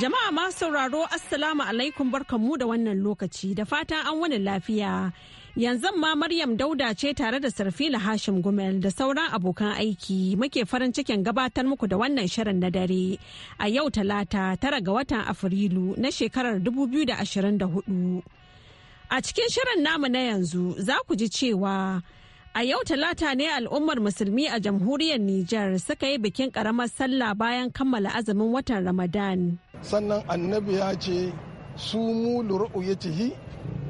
Jama'a ma sauraro Assalamu alaikum barkanmu da wannan lokaci da fatan an wani lafiya. Yanzu ma Maryam Dauda ce tare da Sarfila Hashim Gumel da sauran abokan aiki muke farin cikin gabatar muku da wannan shirin na dare a yau talata tara ga watan Afrilu na shekarar 2024. A cikin shirin namu na yanzu za ku ji cewa A yau talata ne al'ummar musulmi a jamhuriyar Nijar suka yi bikin ƙaramar sallah bayan kammala azumin watan Ramadan. sannan annabi ya ce su mu lura'u ya cihi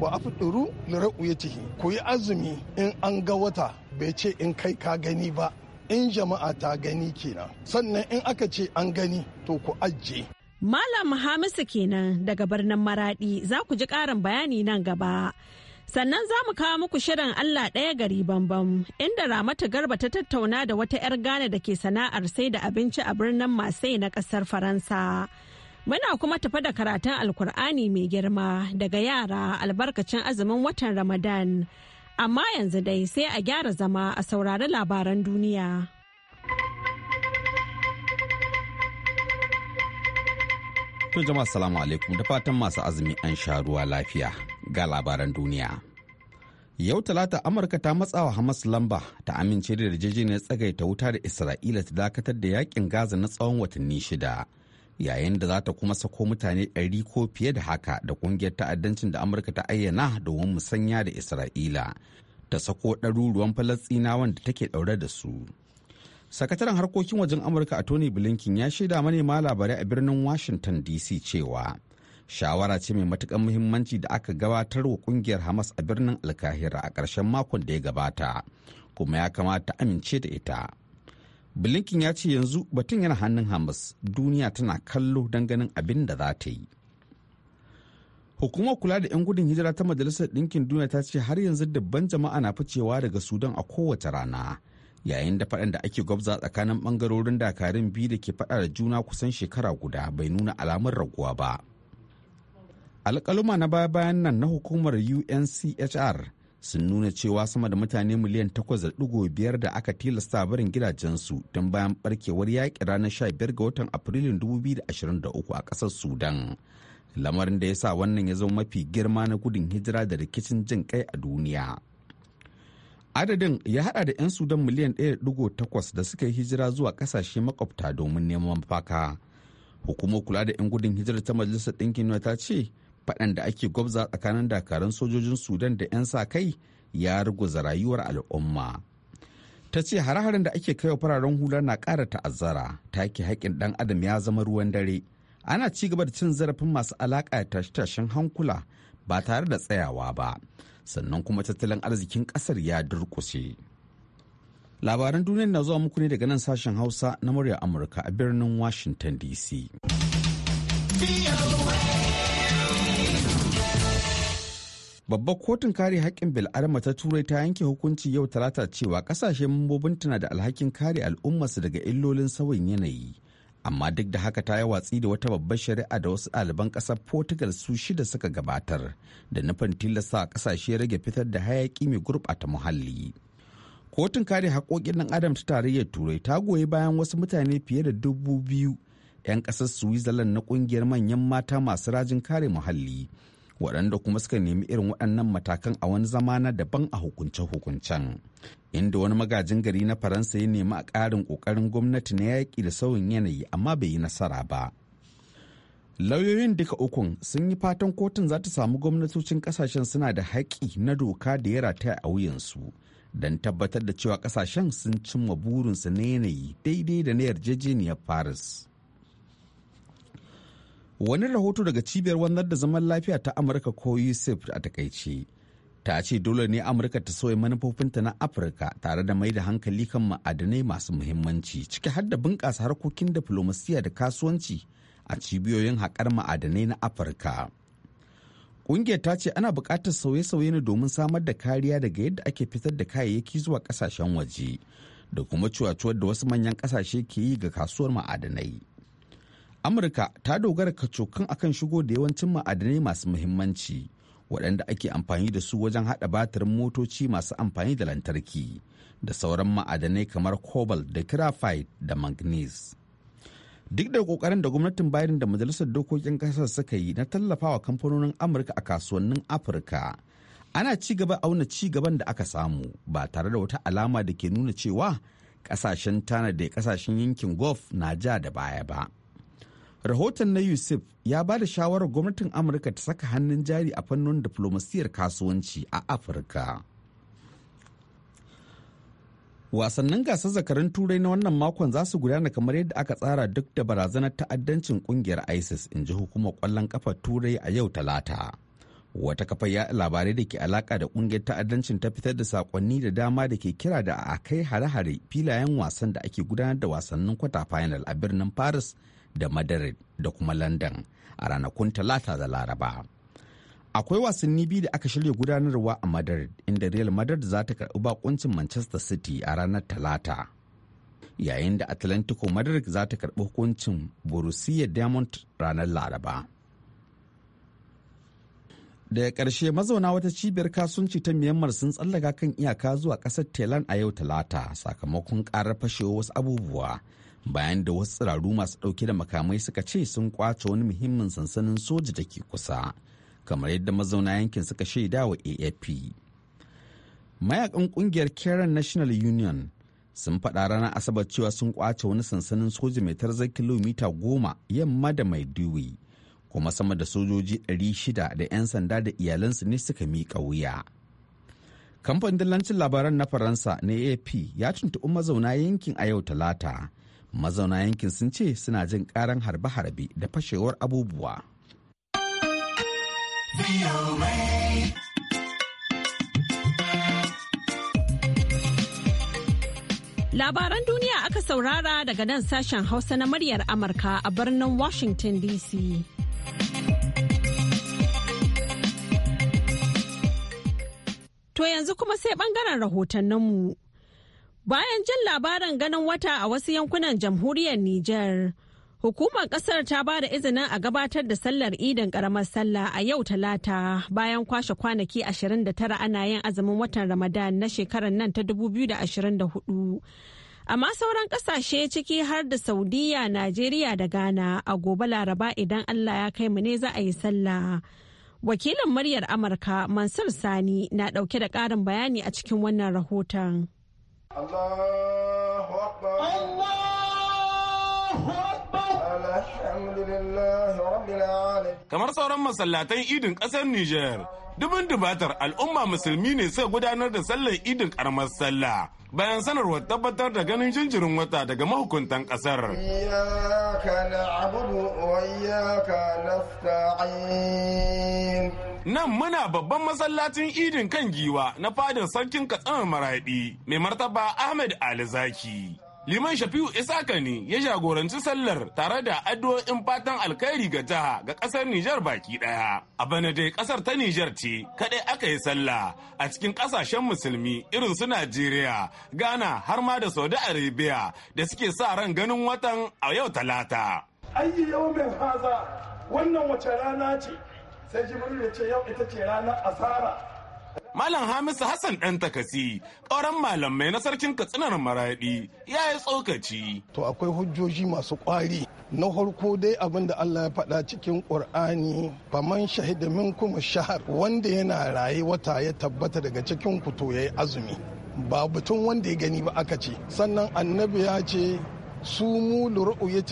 wa afduru lura'u ya cihi ku yi azumi in an ga wata bai ce in kai ka gani ba in jama'a ta gani kenan sannan in aka ce an gani to ku ajiye Malam Hamisu kenan daga birnin Maradi za ku ji ƙarin bayani nan gaba. Sannan za mu kawo muku shirin Allah ɗaya gari bambam inda Ramatu Garba ta tattauna da wata 'yar gane da ke sana'ar sai da abinci a birnin Masai na ƙasar Faransa. Muna kuma tafa da karatun Alkur'ani mai girma daga yara albarkacin azumin watan Ramadan. Amma yanzu dai sai a gyara zama a saurari labaran duniya. Tun jama'a salamu alaikum da fatan masu azumi an sha ruwa lafiya ga labaran duniya. Yau talata Amurka ta matsawa Hamas lamba ta amince da yarjejeniyar tsagaita wuta da Isra'ila ta dakatar da yakin Gaza na tsawon watanni shida. yayin da za ta kuma sako mutane 100 ko fiye da haka da ƙungiyar ta'addancin da amurka ta ayyana domin musanya da isra'ila ta sako ɗaruruwan falastinawan da take ɗaure da su sakataren harkokin wajen amurka a tony blinken ya shaida manema labarai a birnin washington dc cewa shawara ce mai matukan muhimmanci da aka gabatar wa kungiyar hamas a birnin alkahira a ƙarshen makon da ya gabata kuma ya kamata amince da ita blinken ya ce yanzu batun yana hannun hamas duniya tana kallo don ganin abin da za ta yi hukumar kula da 'yan gudun hijira ta majalisar ɗinkin duniya ta ce har yanzu dabban jama'a na ficewa daga sudan a kowace rana yayin da faɗan da ake gwabza tsakanin ɓangarorin dakarun biyu da ke faɗa da juna kusan shekara guda bai nuna alamar raguwa ba alƙaluma na baya-bayan nan na hukumar unchr sun nuna cewa sama da mutane miliyan 8.5 da aka tilasta barin gidajensu don bayan barkewar yaƙi ranar 15 ga watan afrilun 2023 a ƙasar sudan lamarin da ya sa wannan ya zama mafi girma na gudun hijira da rikicin jin kai a duniya adadin ya hada da 'yan sudan miliyan 1.8 da suka yi hijira zuwa kasashe makwabta domin neman mafaka hukumar kula da 'yan gudun hijira ta majalisar ɗinkin ta ce faɗan da ake gwabza tsakanin dakarun sojojin sudan da 'yan sa kai ya ruguza rayuwar al'umma ta ce hare-haren da ake kai wa fararen hula na ƙara ta'azzara ta ke haƙƙin ɗan adam ya zama ruwan dare ana ci gaba da cin zarafin masu alaƙa da tashe-tashen hankula ba tare da tsayawa ba sannan kuma tattalin arzikin ƙasar ya durƙushe labaran duniyar na zuwa muku ne daga nan sashen hausa na murya amurka a birnin washington dc Babbar kotun kare haƙƙin bil'adama ta turai ta yanke hukunci yau talata cewa ƙasashen mambobin tana da alhakin kare al'ummarsu daga illolin sauyin yanayi. Amma duk da haka ta yi watsi da wata babbar shari'a da wasu ɗaliban ƙasar Portugal su shida suka gabatar da nufin tilasta ƙasashe rage fitar da hayaƙi mai gurɓata muhalli. Kotun kare haƙƙoƙin ɗan adam ta tarayyar turai ta goyi bayan wasu mutane fiye da dubu biyu 'yan ƙasar switzerland na ƙungiyar manyan mata masu rajin kare muhalli waɗanda kuma suka nemi irin waɗannan matakan a wani zama na daban a hukunce-hukuncen inda wani magajin gari na faransa ya nemi a ƙarin ƙoƙarin gwamnati na yaƙi da sauyin yanayi amma bai yi nasara ba lauyoyin duka ukun sun yi fatan kotun za ta samu gwamnatocin ƙasashen suna da haƙƙi na doka da ya rataya a wuyansu don tabbatar da cewa ƙasashen sun cimma burinsu na yanayi daidai da na yarjejeniyar paris wani rahoto daga cibiyar wannan da zaman lafiya ta amurka ko Yusuf a takaici, ta ce dole ne amurka ta soya manufofinta na afirka tare da mai da hankali kan ma'adanai masu muhimmanci ciki har da bunƙasa harkokin diflomasiya da kasuwanci a cibiyoyin haƙar ma'adanai na afirka ƙungiyar ta ce ana buƙatar sauye-sauye ne domin samar da kariya daga yadda ake fitar da kayayyaki zuwa ƙasashen waje da kuma cuwacuwar da wasu manyan ƙasashe ke yi ga kasuwar ma'adanai amurka ta dogara kacokan akan shigo da yawancin ma'adanai masu muhimmanci waɗanda ake amfani da su wajen haɗa batirin motoci masu amfani da lantarki da sauran ma'adanai kamar cobalt da graphite da manganese duk da ƙoƙarin da gwamnatin biden da majalisar dokokin ƙasar suka yi na tallafawa kamfanonin amurka a kasuwannin afirka ana ci gaba auna ci gaban da aka samu ba tare da wata alama da ke nuna cewa kasashen tana da kasashen yankin gulf na ja da baya ba rahoton na yusuf ya ba da shawarar gwamnatin amurka ta saka hannun jari a fannin diflomasiyar kasuwanci a afirka wasannin gasar zakarun turai na wannan makon za su gudana kamar yadda aka tsara duk da barazanar ta'addancin kungiyar isis in ji hukumar kwallon kafa turai a yau talata wata kafar ya labarai da ke alaka da kungiyar ta'addancin ta fitar da sakonni da dama da ke kira da a kai hare-hare filayen wasan da ake gudanar da wasannin kwata final a birnin paris da madrid da kuma london a ranakun talata da laraba akwai wasanni biyu da aka shirya gudanarwa a madrid inda real madrid za ta karɓi bakuncin manchester city a ranar talata yayin da atlantico madrid za ta karɓi hukuncin borussia diamond ranar laraba daga ƙarshe mazauna wata cibiyar kasuwanci ta myanmar sun tsallaka kan iyaka zuwa ƙasar thailand a yau talata sakamakon ƙarar fashewa wasu abubuwa bayan da wasu tsiraru masu ɗauke da makamai suka ce sun kwace wani muhimmin sansanin soja da ke kusa kamar yadda mazauna yankin suka shaida wa afp mayakan kungiyar karen national union sun faɗa ranar asabar cewa sun kwace wani sansanin soja mai tarzar kilomita goma yamma da mai duwi kuma sama da sojoji 600 da 'yan sanda da iyalansu ne suka miƙa wuya kamfanin dillancin labaran na faransa na ap ya tuntuɓi mazauna yankin a yau talata mazauna yankin sun ce suna jin karan harbe-harbe da fashewar abubuwa labaran duniya aka saurara daga nan sashen hausa na muryar amurka a birnin washington dc to yanzu kuma sai bangaren rahotanninmu. Bayan jin labarin ganin wata a wasu yankunan jamhuriyar Nijar, hukumar kasar ta ba da izinin a gabatar da sallar idin karamar sallah a yau talata bayan kwashe kwanaki 29 ana yin azumin watan Ramadan na shekarar nan ta 2024. Amma sauran kasashe ciki har da Saudiya, Najeriya da Ghana a gobe Laraba idan Allah ya kai mu ne za a yi sallah. Wakilin muryar Amurka Mansur Sani na ɗauke da ƙarin bayani a cikin wannan rahoton. الله أكبر الله أكبر الحمد لله رب kamar sauran masallatan idin ƙasar Nijar dubin dubatar al'umma musulmi ne suka gudanar da sallar idin karamar sallah bayan sanarwar tabbatar da ganin jinjirin wata daga mahukuntan kasar. Iyaka na abubu wa iyaka nasta'in Nan muna babban masallacin idin kan giwa na fadin sarkin Katsina Maraɗi mai martaba Ahmed Ali Zaki. Liman Shafi'u Isaka ne ya jagoranci sallar tare da addu'o'in fatan alkhairi ga jiha ga kasar Nijar baki daya. A bana dai kasar ta Nijar ce kadai aka yi sallah a cikin kasashen musulmi irin su Najeriya, Ghana har ma da Saudi Arabia da suke sa ran ganin watan a yau talata. Ayyi yau mai haza wannan wace rana ce sai jibril ya ce yau ita ce ranar asara Malam Hamisu Hassan ɗan takasi, ƙauren malamai na sarkin katsinar maraɗi ya yi tsokaci. To akwai hujjoji masu ƙwari. Na harko dai abin da Allah ya faɗa cikin ƙur'ani faman shahida min kuma shahar wanda yana raye wata ya tabbata daga cikin kuto ya yi azumi. Ba batun wanda ya gani ba aka ce. Sannan annabi ya ce su mu ya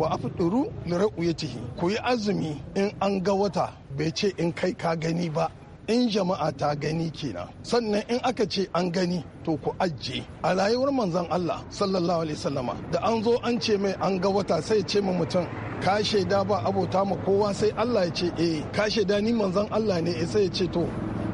wa afduru ya ra'uyatihi ku yi azumi in an ga wata bai ce in kai ka gani ba in jama'a ta gani kenan sannan in aka ce an gani to ku ajiye a rayuwar manzon Allah sallallahu alaihi sallama da an zo an ce mai an ga wata sai ce ma mutum ka shaida ba abota ma kowa sai Allah ya ce eh ka shaida ni manzon Allah ne sai ya ce to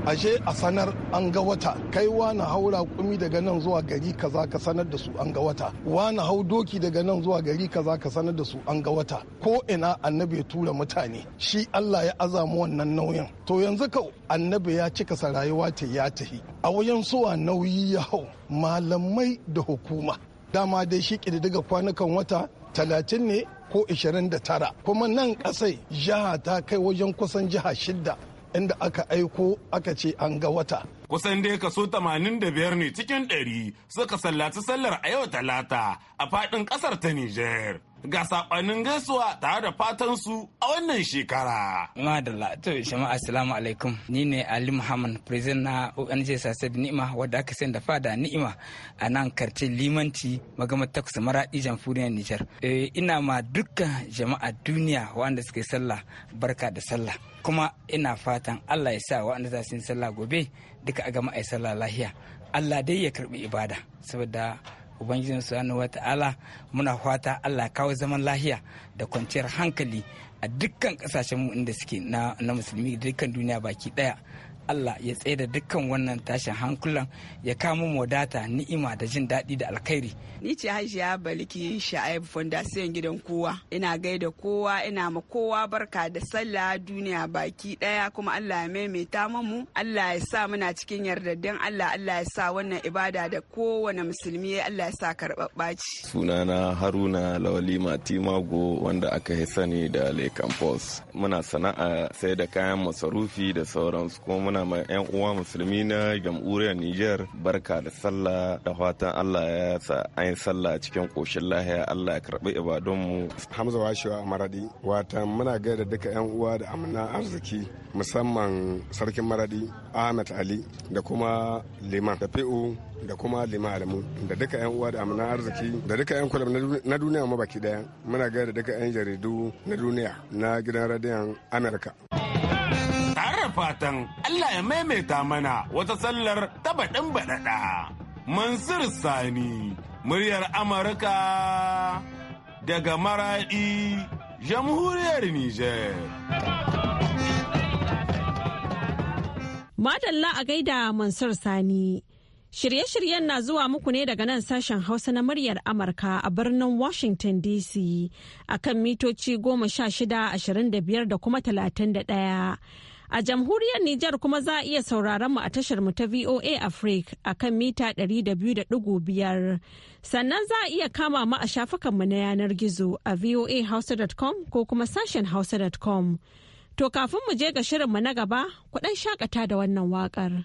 ashe a sanar an ga wata kaiwa na hau rakumi daga nan zuwa gari kaza ka sanar da su an ga wata wa na hau doki daga nan zuwa gari kaza ka sanar da su an ga wata ko ina annabi ya tura mutane shi Allah ya azamu wannan nauyin to yanzu kau annabi ya cika sa rayuwa ta ya tahi a wajen suwa nauyi ya hau malamai da hukuma dama dai shi ƙididdiga kwanukan wata talatin ne ko 29 kuma nan kasai jiha ta kai wajen kusan jiha shidda inda aka aiko aka ce an ga wata kusan dai kaso 85 ne cikin 100 suka sallaci sallar a yau talata a faɗin ƙasar ta Nijar. Ga saɓanin gaisuwa tare da fatan su a wannan shekara. Madalla, to jama'a assalamu alaikum. Ni ne Ali Muhammad, president na ONG Sasad Ni'ima wadda aka sayar da fada Ni'ima a nan karcin limanci magamar takwas maraɗi jamhuriyar Nijar. Eh, ina ma dukkan jama'a duniya wanda suka sallah barka da sallah. Kuma ina fatan Allah ya sa wa'anda za su yi sallah gobe duka a gama aisa lahiya allah dai ya karbi ibada saboda ubangijin subhanahu wata'ala muna fata allah kawo zaman lahiya da kwanciyar hankali a dukkan kasashen inda suke na musulmi dukkan duniya baki daya Allah ya tsaye da dukkan wannan tashin hankulan ya kama mu wadata ni'ima da jin daɗi da alkhairi. Ni ce Hajiya Baliki Sha'ib Fondasiyon gidan kowa. Ina gaida kowa ina ma kowa barka da sallah duniya baki ɗaya kuma Allah ya maimaita mu Allah ya sa muna cikin yardaddin Allah Allah ya sa wannan ibada da kowane musulmi Allah ya sa karɓaɓɓa ce. Sunana Haruna Lawali Matimago wanda aka yi sani da Lekan Post. Muna sana'a sai da kayan masarufi da sauransu kuma magana ma 'yan uwa musulmi na jamhuriyar Nijar barka da sallah da fatan Allah ya sa an sallah cikin koshin lahiya Allah ya karbi ibadunmu. Hamza Washewa Maradi wata muna gaida duka 'yan uwa da amina arziki musamman sarkin Maradi Ahmed Ali da kuma Liman da Fi'u da kuma Liman Alamu da duka 'yan uwa da amina arziki da duka 'yan kulab na duniya mabaki daya muna gaida duka 'yan jaridu na duniya na gidan radiyon Amerika. fatan Allah ya maimaita mana wata sallar ta baɗin baɗaɗa. Mansur Sani, muryar Amurka daga Maraɗi, jamhuriyar Nijar. Madalla a gaida Mansur Sani. Shirye-shiryen na zuwa muku ne daga nan sashen Hausa na muryar Amurka a birnin Washington DC a kan mitoci shida, ashirin da biyar, da kuma talatin da ɗaya. A jamhuriyar Nijar kuma za a iya sauraron mu a tashar mu ta VOA Africa a kan mita 200.5. Sannan za a iya kama mu a mu na yanar gizo a voahausa.com ko kuma sashen hausa.com. To kafin mu je ga shirin mu na gaba, ku kuɗan shakata da wannan waƙar.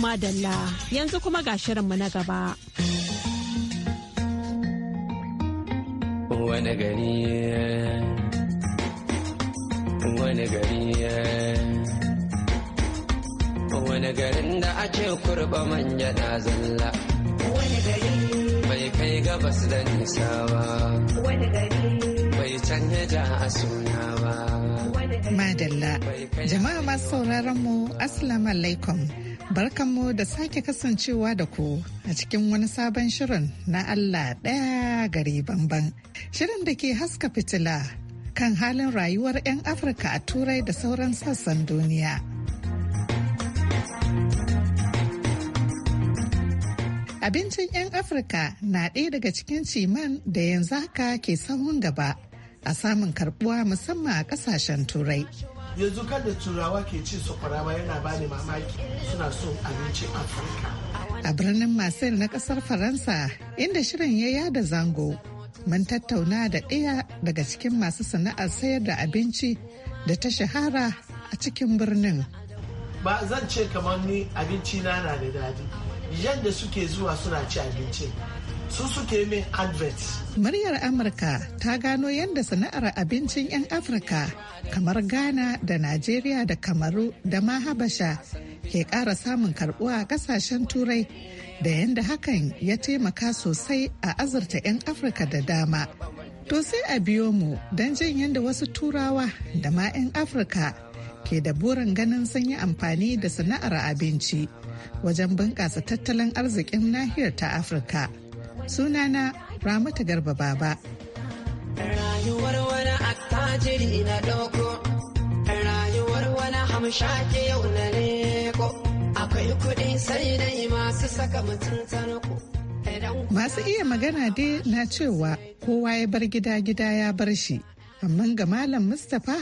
madalla yanzu kuma ga shirinmu na gaba. Wani gari wani gari wani garin da ake kurba manya na zalla. Wani gari bai kai gabas da nisa ba. Wani gari bai canja a suna ba. Madalla, jama'a masu sauraron mu, Assalamu alaikum. Barkanmu da sake kasancewa da ku a cikin wani sabon shirin na Allah ɗaya gari banban. Shirin da ke haska fitila kan halin rayuwar 'yan Afirka a Turai da sauran sassan duniya. Abincin 'yan Afirka na ɗaya daga cikin ciman da yanzu haka ke samun gaba a samun karɓuwa musamman a ƙasashen Turai. yanzu kada turawa ke ci sakwara ba yana bani mamaki suna son abincin afirka a birnin marseille na kasar faransa inda shirin ya yada zango mun tattauna da ɗaya daga cikin masu sana'ar sayar da abinci da ta shahara a cikin birnin ba zan ce kamar ni abinci na na da daɗi yadda suke zuwa suna ci abinci su suke min advert. Muryar Amurka ta gano yadda sana'ar abincin 'yan Afirka kamar Ghana da Najeriya da Kamaru da ma Habasha ke ƙara samun karbuwa a ƙasashen Turai da yadda hakan ya taimaka sosai a azurta 'yan Afirka da dama. To sai a biyo mu don jin yadda wasu Turawa da ma 'yan Afirka ke da burin ganin sun yi amfani da sana'ar abinci wajen bunƙasa tattalin arzikin nahiyar ta Afirka. sunana ramata garba baba na ɗauko hamshake masu masu iya magana dai na cewa kowa ya bar gida gida ya bar shi amma ga malam mustapha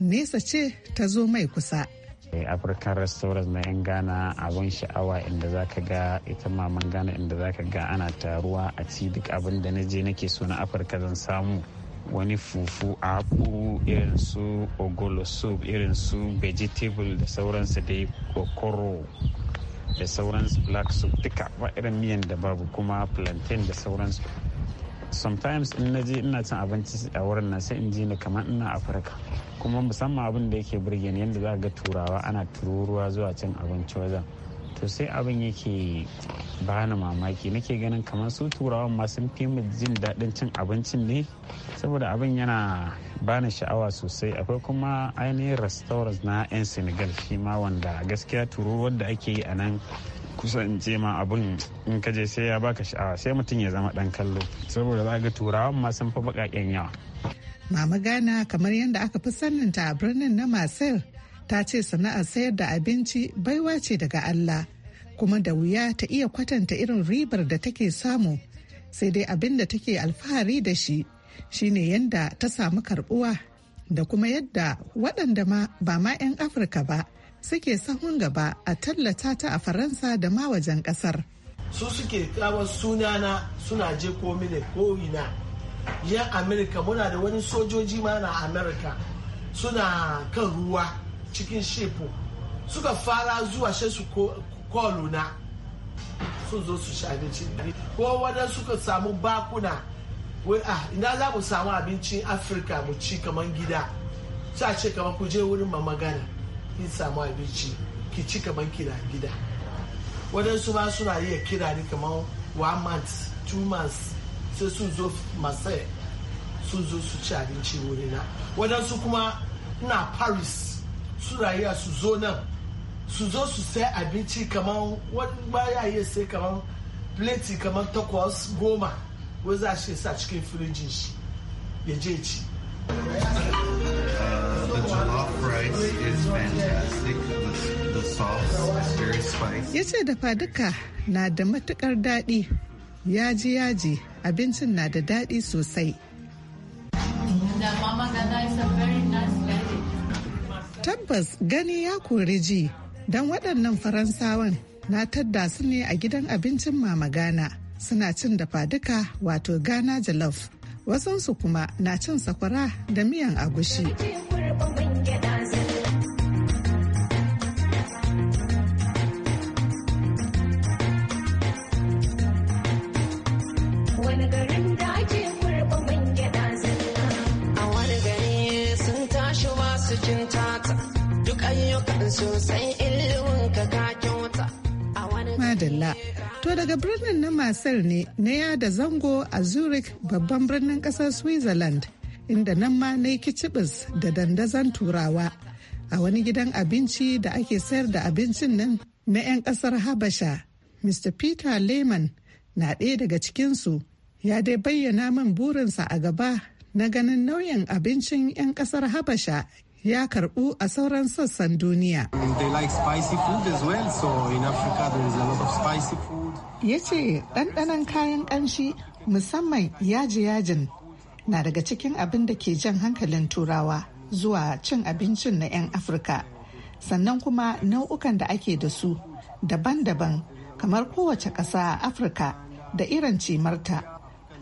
nesa ce ta zo mai kusa Eh, afirka restaurant na 'yan ghana abin sha'awa inda za ka ga ita maman ghana inda za ka ga ana taruwa a ci duk abin da na je nake so na afirka zan samu wani fufu haku irin su ogolo soup irin su vegetable da sauransu dai kokoro da sauransu black soup duka ba irin miyan da babu kuma plantain da sauransu sometimes in na je ina cin abinci a wurin na sai in je na kamar ina afirka kuma musamman abin da yake burge ni yadda za ga turawa ana tururuwa zuwa cin abinci wajen to sai abin yake bani mamaki nake ganin kamar su turawan masu sun fi mu jin daɗin cin abincin ne saboda abin yana bani sha'awa sosai akwai kuma ainihin restaurant na 'yan senegal shi ma wanda gaskiya tururuwar da ake yi a nan kusan ce ma abin in ka je sai ya baka sha'awa sai mutum ya zama ɗan kallo saboda za ga turawa ma fi baƙaƙen yawa Mama Ghana kamar yadda aka fi saninta a birnin na Marcel ta ce sana'ar sayar da abinci baiwa ce daga Allah kuma da wuya ta iya kwatanta irin ribar da take samu sai dai abin da take alfahari da shi shine yadda ta samu karbuwa da kuma yadda waɗanda ma ba ma 'yan Afirka ba suke sahun gaba a tallata ta a Faransa da ma wajen ƙasar. Su suke kawo sunana suna je ko mini ko ina yan amerika muna da wani sojoji ma na amerika suna kan ruwa cikin shepo suka fara zuwa shai su kolo na sun zo su sha abinci ko wadda suka samu bakuna wai a ah, ina za mu samu abincin afirka mu ci kamar gida sa ce kamar ku je wurin magana in samu abinci ki ci kamar kira gida wadansu ba suna iya kira ni kamar one month two months sai sun zo masai sun zo su ci abinci wurina waɗansu kuma na paris su rayuwa su zo nan su zo su sai abinci kamar wani baya iya sai kamar pleti kamar takwas goma wai za shi sa cikin firijin shi ya je ci ya ce dafa duka na da matukar daɗi yaji yaji abincin na da daɗi sosai. Tabbas gani ya kori ji don waɗannan Faransawan na tadda su ne a gidan abincin Mama Ghana suna cin dafa duka wato Ghana jollof. Wasansu kuma na cin sakwara da miyan agushi. Madalla. To daga birnin na Masar ne na yada zango a Zurich babban birnin kasar Switzerland inda nan ma na yi kicibis da dandazan turawa a wani gidan abinci da ake sayar da abincin nan na 'yan kasar Habasha. Mr. Peter Lehman na ɗaya daga cikinsu ya dai bayyana min burinsa a gaba na ganin nauyin abincin 'yan kasar habasha ya karbu a sauran sassan duniya. Ya ce ɗanɗanon kayan ƙanshi musamman yaji-yajin na daga cikin abin da ke jan hankalin turawa zuwa cin abincin na 'yan Afirka. Sannan kuma nau'ukan da ake da su daban-daban kamar kowace ƙasa a Afirka da irin cimarta.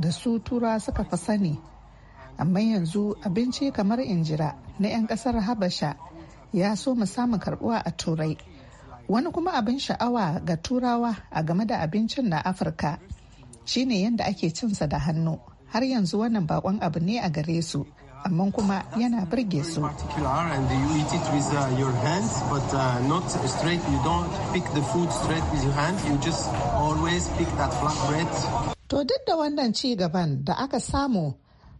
da su tura suka fi sani amma yanzu abinci kamar injira na 'yan kasar habasha ya so mu samu karbuwa a turai wani kuma abin sha'awa ga turawa a game da abincin na afirka shine yadda ake cinsa da hannu har yanzu wannan bakon abu ne a gare su amma kuma yana birge su. To duk da wannan ci gaban da aka samu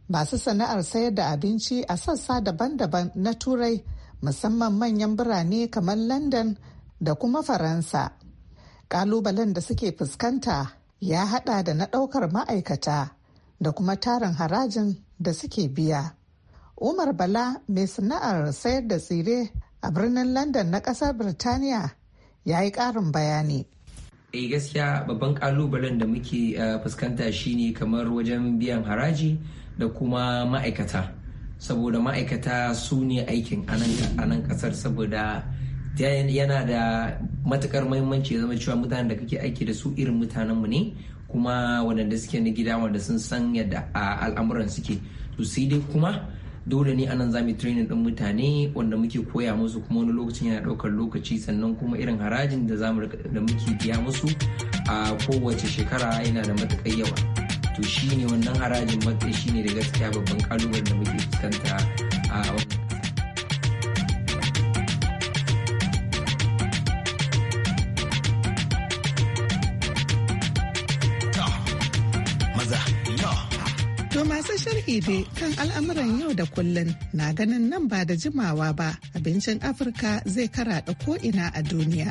masu sana'ar sayar da abinci a sassa daban-daban na turai musamman manyan birane kamar london da kuma faransa kalubalen da suke fuskanta ya hada da na daukar ma'aikata da kuma tarin harajin da suke biya umar bala mai sana'ar sayar da tsire a birnin london na kasar birtaniya ya yi karin bayani eh gaskiya babban kalubalen da muke eh, fuskanta shine kamar wajen biyan haraji da kuma ma'aikata saboda ma'aikata su ne aikin anan kasar saboda yana da matukar mahimmanci zama cewa mutanen da kake aiki da su irin mutanenmu ne kuma wadanda suke na gida wanda sun san yadda al'amuran suke to sai dai kuma dole ne anan zamu training din mutane wanda muke koya musu kuma wani lokacin yana daukar lokaci sannan kuma irin harajin da zamu da muke biya musu a kowace shekara yana da matakai yawa to shine wannan harajin matsayi shine da gaskiya babban kalubalen da muke fuskanta a wannan Masu sharhi kan al'amuran yau da kullun na ganin nan ba da jimawa ba abincin Afirka zai karaɗa ko'ina a duniya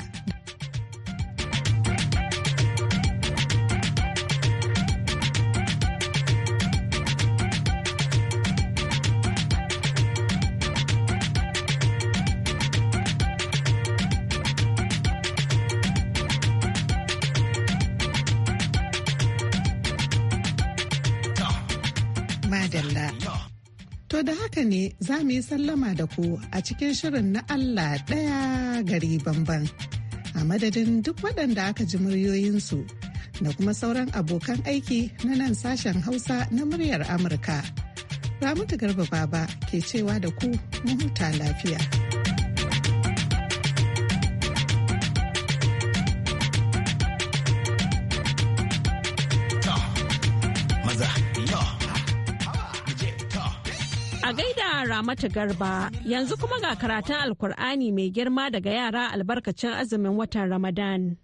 mu yi sallama da ku a cikin shirin na Allah ɗaya gari bamban. A madadin duk waɗanda aka ji muryoyinsu da kuma sauran abokan aiki na nan sashen Hausa na muryar Amurka. Ramatu Garba Baba ke cewa da ku mu huta lafiya. mata Garba. Yanzu kuma ga karatun Alkur'ani mai girma daga yara albarkacin azumin watan Ramadan.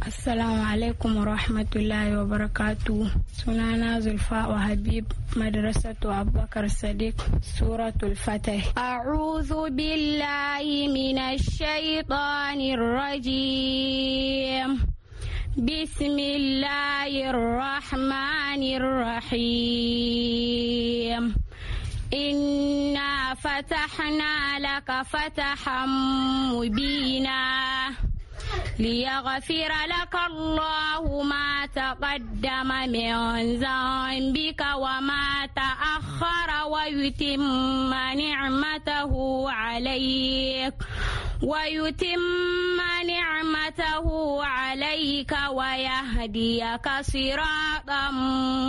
Assalamu alaikum wa wabarakatu Sunana Zulfa wa Habib Madrasatu Abubakar Sadiq Suratul Fatih. A'udhu billahi minash shaitanir rajim. بسم الله الرحمن الرحيم إنا فتحنا لك فتحا مبينا ليغفر لك الله ما تقدم من ذنبك وما تأخر ويتم نعمته عليك ويتم نعمته عليك ويهديك صراطا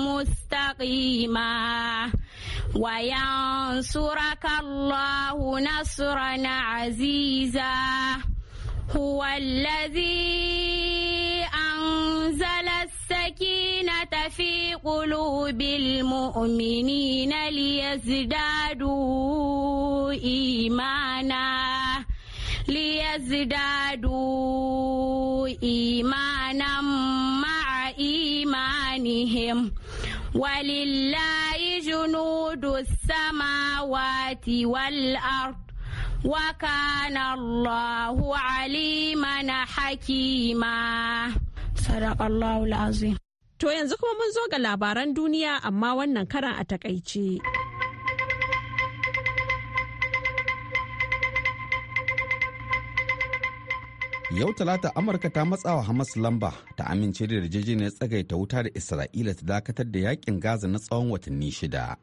مستقيما وينصرك الله نصرا عزيزا هو الذي أنزل السكينة في قلوب المؤمنين ليزدادوا إيمانا ليزدادوا إيمانا مع إيمانهم ولله جنود السماوات والأرض وكان الله عليما حكيما صدق الله العظيم To yanzu kuma mun zo ga labaran duniya amma wannan karan a takaice. yau talata amurka ta matsawa hamas lamba ta amince da yarjejeniyar tsagaita wuta da isra'ila ta dakatar da yakin gaza na tsawon watanni shida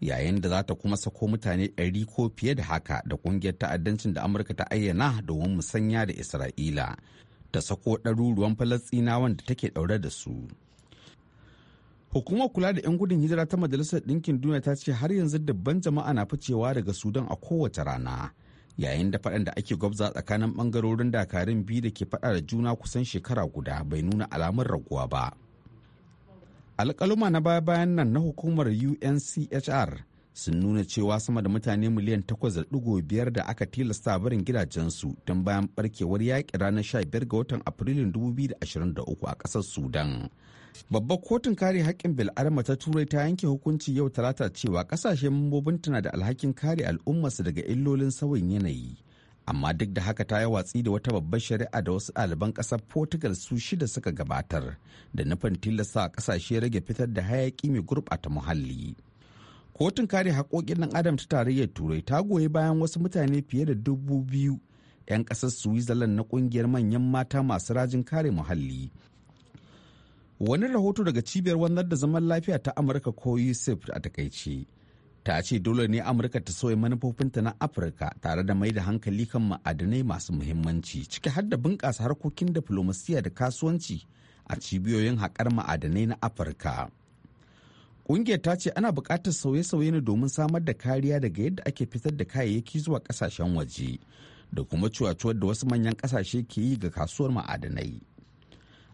yayin da za ta kuma sako mutane 100 ko fiye da haka da kungiyar ta'addancin da amurka ta ayyana domin musanya da isra'ila ta sako ɗaruruwan falastinawan da take ɗaure da su hukumar kula da 'yan gudun hijira ta majalisar ɗinkin duniya ta ce har yanzu dabban jama'a na ficewa daga sudan a kowace rana yayin da faɗan da ake gwabza tsakanin ɓangarorin dakarun biyu da ke faɗa da juna kusan shekara guda bai nuna alamun raguwa ba alƙaluma na baya bayan nan na hukumar unchr sun nuna cewa sama da mutane miliyan 8.5 da aka tilasta barin gidajensu don bayan barkewar yaƙi ranar 15 ga watan afrilun 2023 a ƙasar sudan babbar kotun kare haƙƙin bil'adama ta turai ta yanke hukunci yau talata cewa ƙasashen mambobin tana da alhakin kare al'ummarsu daga illolin sauyin yanayi amma duk da haka ta yi watsi da wata babbar shari'a da wasu ɗaliban ƙasar portugal su shida suka gabatar da nufin tilasta ƙasashe rage fitar da hayaƙi mai gurɓata muhalli kotun kare haƙoƙin ɗan adam ta tarayyar turai ta goyi bayan wasu mutane fiye da dubu biyu 'yan ƙasar switzerland na ƙungiyar manyan mata masu rajin kare muhalli wani rahoto daga cibiyar wannan da zaman lafiya ta amurka ko Yusuf a takaici ta ce dole ne amurka ta soya manufofinta na afirka tare da mai da hankali kan ma'adanai masu muhimmanci ciki har da bunƙasa harkokin diflomasiya da kasuwanci a cibiyoyin haƙar ma'adanai na afirka ƙungiyar ta ce ana buƙatar sauye-sauye ne domin samar da kariya daga yadda ake fitar da kayayyaki zuwa ƙasashen waje da kuma cuwacuwar da wasu manyan ƙasashe ke yi ga kasuwar ma'adanai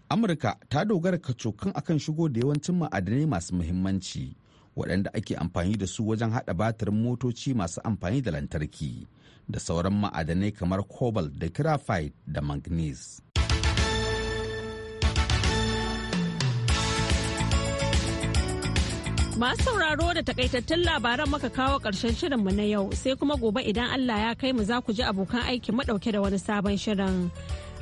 amurka ta dogara kacokan akan shigo da yawancin ma'adanai masu muhimmanci waɗanda ake amfani da su wajen haɗa batirin motoci masu amfani da lantarki da sauran ma'adanai kamar cobalt da graphite da manganese Masu sauraro da takaitattun labaran maka kawo ƙarshen mu na yau sai kuma gobe idan Allah ya kai mu za ku ji abokan aiki maɗauke da wani sabon shirin.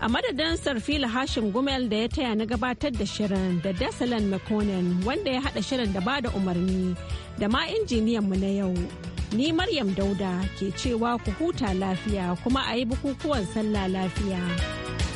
a madadin sarfila hashin gumel da ya taya na gabatar da shirin da dasalan mcconnell wanda ya hada shirin da ba da umarni da ma injiniyan mu na yau ni maryam dauda ke cewa ku huta lafiya kuma a yi bukukuwan sallah lafiya.